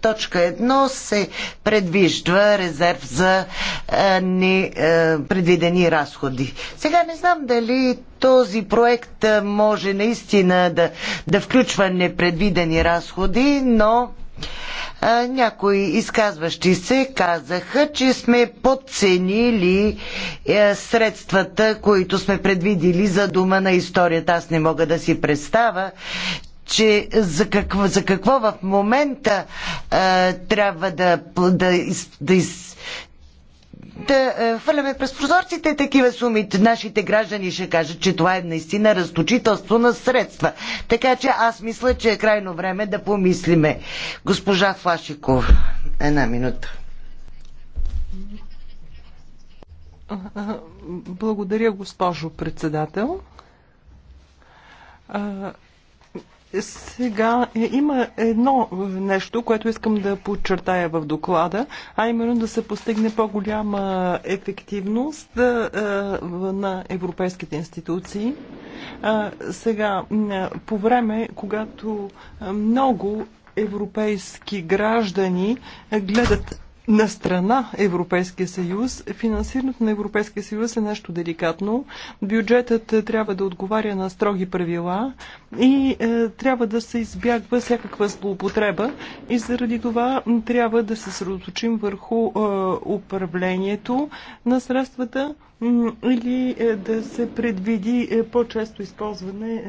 точка 1 се предвижда резерв за непредвидени разходи. Сега не знам дали този проект може наистина да, да включва непредвидени разходи, но някои изказващи се казаха, че сме подценили е, средствата, които сме предвидили за дума на историята. Аз не мога да си представя, че за какво, за какво в момента а, трябва да, да, из, да, из, да а, хвърляме през прозорците такива суми. Нашите граждани ще кажат, че това е наистина разточителство на средства. Така че аз мисля, че е крайно време да помислиме. Госпожа Флашиков, една минута. Благодаря, госпожо председател. Сега е, има едно нещо, което искам да подчертая в доклада, а именно да се постигне по-голяма ефективност е, на европейските институции. Е, сега, по време, когато много европейски граждани гледат на страна Европейския съюз. Финансирането на Европейския съюз е нещо деликатно. Бюджетът е, трябва да отговаря на строги правила и е, трябва да се избягва всякаква злоупотреба и заради това трябва да се съсредоточим върху е, управлението на средствата или е, да се предвиди е, по-често използване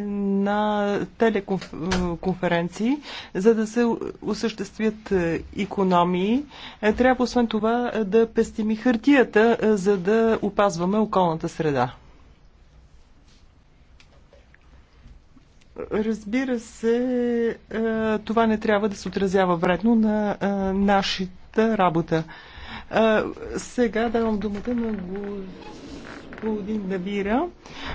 на телеконференции, за да се осъществят економии. Е, трябва освен това да пестими хартията, за да опазваме околната среда. Разбира се, това не трябва да се отразява вредно на нашата работа. Сега давам думата на господин Давира.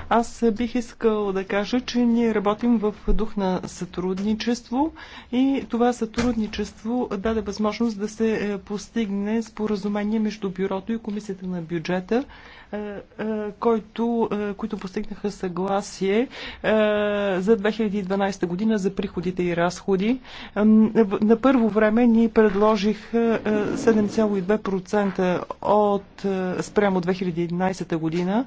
Аз бих искал да кажа, че ние работим в дух на сътрудничество и това сътрудничество даде възможност да се е, постигне споразумение между бюрото и комисията на бюджета е, е, който, е, които постигнаха съгласие за 2012 година за приходите и разходи. На първо време ни предложих 7,2% от спрямо 2011 година,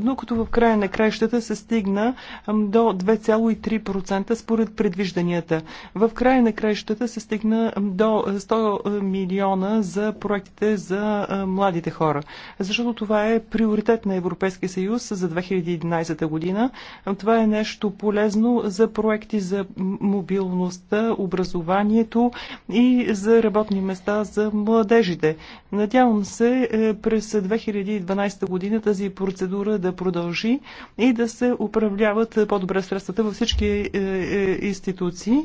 но като в края на краищата се стигна до 2,3% според предвижданията. В края на краищата се стигна до 100 милиона за проектите за младите хора, защото това е приоритет на Европейския съюз за 2011 година. Това е нещо полезно за проекти за мобилността, образованието и за работни места за младежите. Надявам се е, през 2012 година тази процедура да продължи и да се управляват по-добре средствата във всички е, е, институции.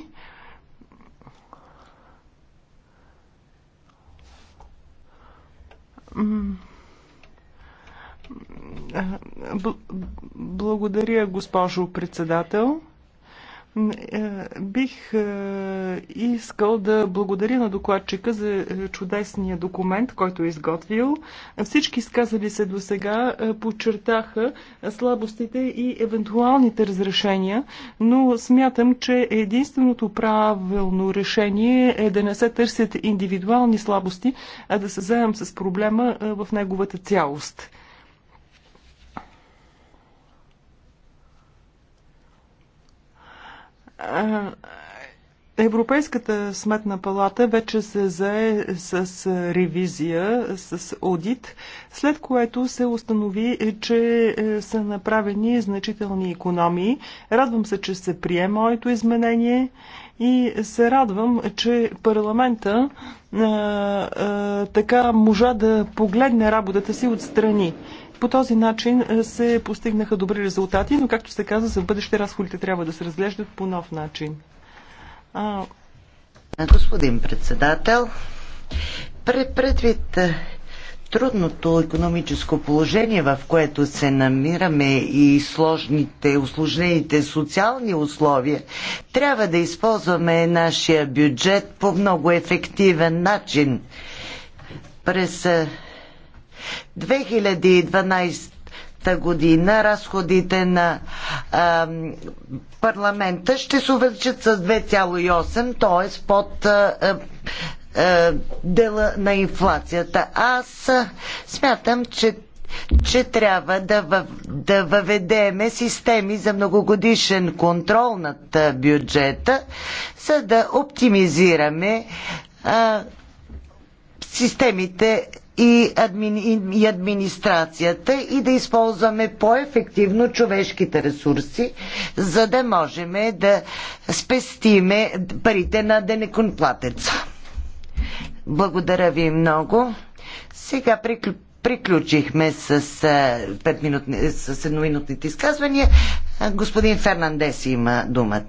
Mm. Благодаря, госпожо председател. Е, бих е, искал да благодаря на докладчика за чудесния документ, който е изготвил. Всички изказали се до сега е, подчертаха слабостите и евентуалните разрешения, но смятам, че единственото правилно решение е да не се търсят индивидуални слабости, а да се заем с проблема в неговата цялост. Европейската сметна палата вече се зае с ревизия, с аудит, след което се установи, че е, са направени значителни економии. Радвам се, че се прие моето изменение и се радвам, че парламента а, е, а, е, така можа да погледне работата си отстрани. По този начин е, се постигнаха добри резултати, но както се каза, за бъдеще разходите трябва да се разглеждат по нов начин. А... Господин председател, предвид е, трудното економическо положение, в което се намираме и сложните, усложнените социални условия, трябва да използваме нашия бюджет по много ефективен начин. През е, 2012 година разходите на а, парламента ще се увеличат с 2,8, т.е. под а, а, дела на инфлацията. Аз смятам, че че трябва да, във, да въведеме системи за многогодишен контрол над бюджета, за да оптимизираме а, системите и, админи, и администрацията и да използваме по-ефективно човешките ресурси, за да можем да спестиме парите на денеконплатеца. Благодаря ви много. Сега приключваме приключихме с, 5 минутни, с едноминутните изказвания. Господин Фернандес има думата.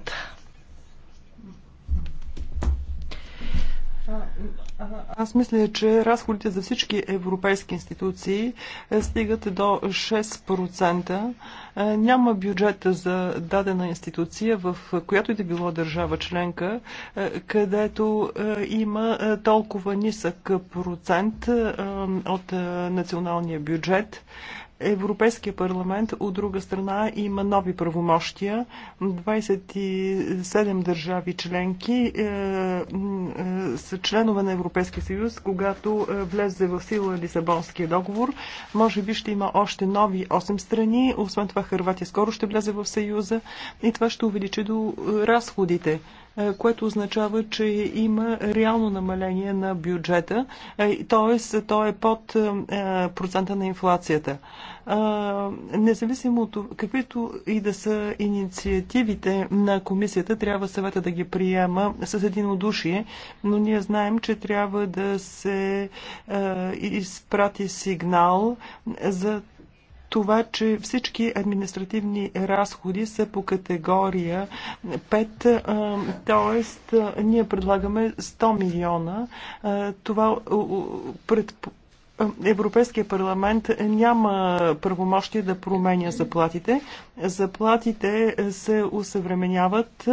Аз мисля, че разходите за всички европейски институции е, стигат до 6%. Е, няма бюджет за дадена институция, в която и да било държава членка, е, където има толкова нисък процент от националния бюджет. Европейския парламент от друга страна има нови правомощия. 27 държави членки е, е, са членове на Европейския съюз, когато е, влезе в сила Лисабонския договор. Може би ще има още нови 8 страни. Освен това Харватия скоро ще влезе в съюза и това ще увеличи до разходите. Е, което означава, че има реално намаление на бюджета, т.е. то е под е, процента на инфлацията. Е, независимо от каквито и да са инициативите на комисията, трябва съвета да ги приема с единодушие, но ние знаем, че трябва да се изпрати сигнал за това, че всички административни разходи са по категория 5, т.е. ние предлагаме 100 милиона. Това пред Европейския парламент няма правомощие да променя заплатите. Заплатите се усъвременяват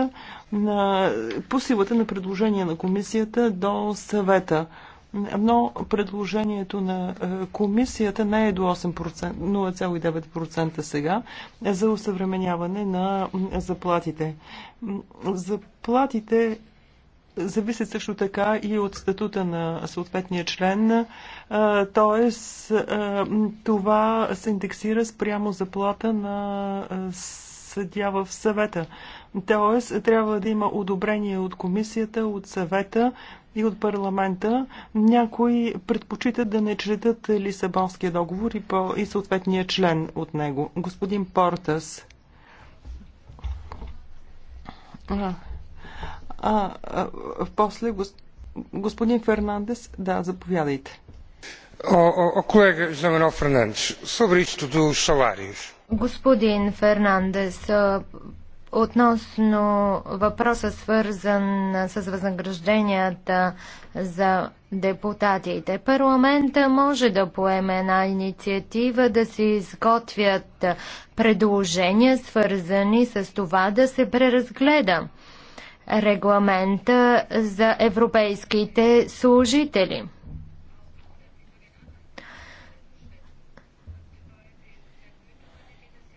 на, по силата на предложение на комисията до съвета но предложението на е, комисията не е до 8%, 0,9% сега за усъвременяване на заплатите. Заплатите зависят също така и от статута на съответния член, е, т.е. Е, това се индексира спрямо заплата на съдя в съвета. Т.е. трябва да има одобрение от комисията, от съвета и от парламента някои предпочитат да не четат Лисабонския договор и, по, и съответния член от него. Господин Портас. А, а, а после гос, господин Фернандес, да, заповядайте. О, о, о колега Жамено Фернандес, sobre до dos Господин Фернандес, Относно въпроса свързан с възнагражденията за депутатите, парламента може да поеме една инициатива да се изготвят предложения свързани с това да се преразгледа регламента за европейските служители –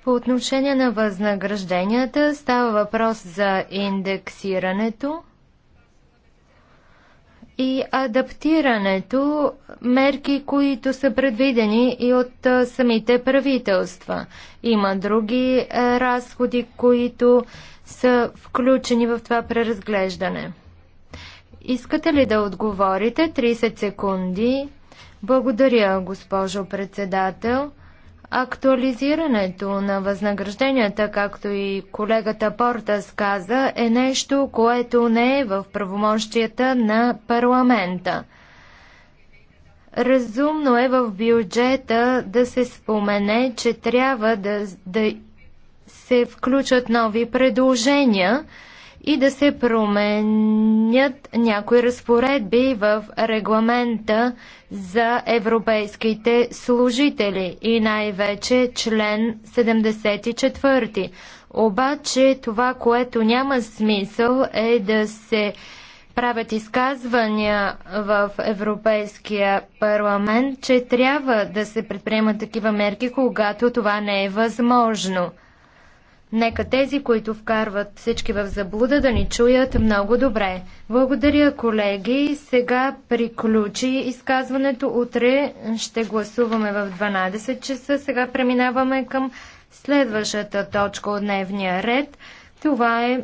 По отношение на възнагражденията става въпрос за индексирането и адаптирането, мерки, които са предвидени и от самите правителства. Има други разходи, които са включени в това преразглеждане. Искате ли да отговорите? 30 секунди. Благодаря, госпожо председател. Актуализирането на възнагражденията, както и колегата Порта сказа, е нещо, което не е в правомощията на парламента. Разумно е в бюджета да се спомене, че трябва да, да се включат нови предложения, и да се променят някои разпоредби в регламента за европейските служители и най-вече член 74. Обаче това, което няма смисъл е да се правят изказвания в Европейския парламент, че трябва да се предприемат такива мерки, когато това не е възможно. Нека тези, които вкарват всички в заблуда, да ни чуят много добре. Благодаря, колеги. Сега приключи изказването. Утре ще гласуваме в 12 часа. Сега преминаваме към следващата точка от дневния ред. Това е